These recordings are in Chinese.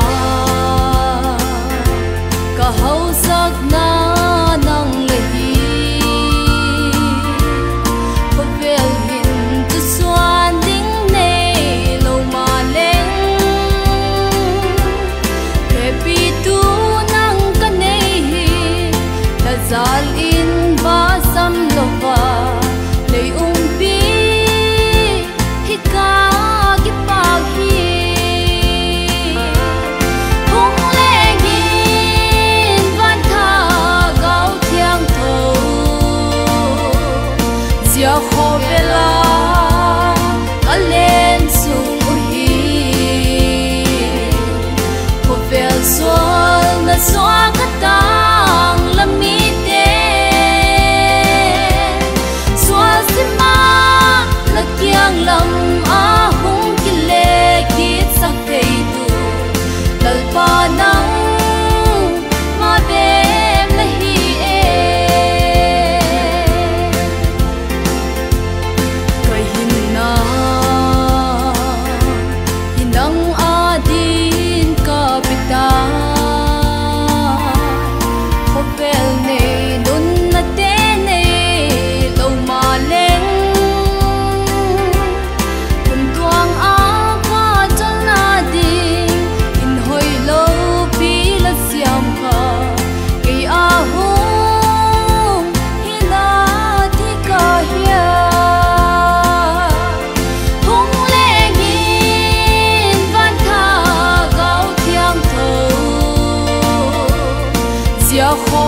fall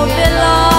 越老。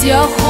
结婚。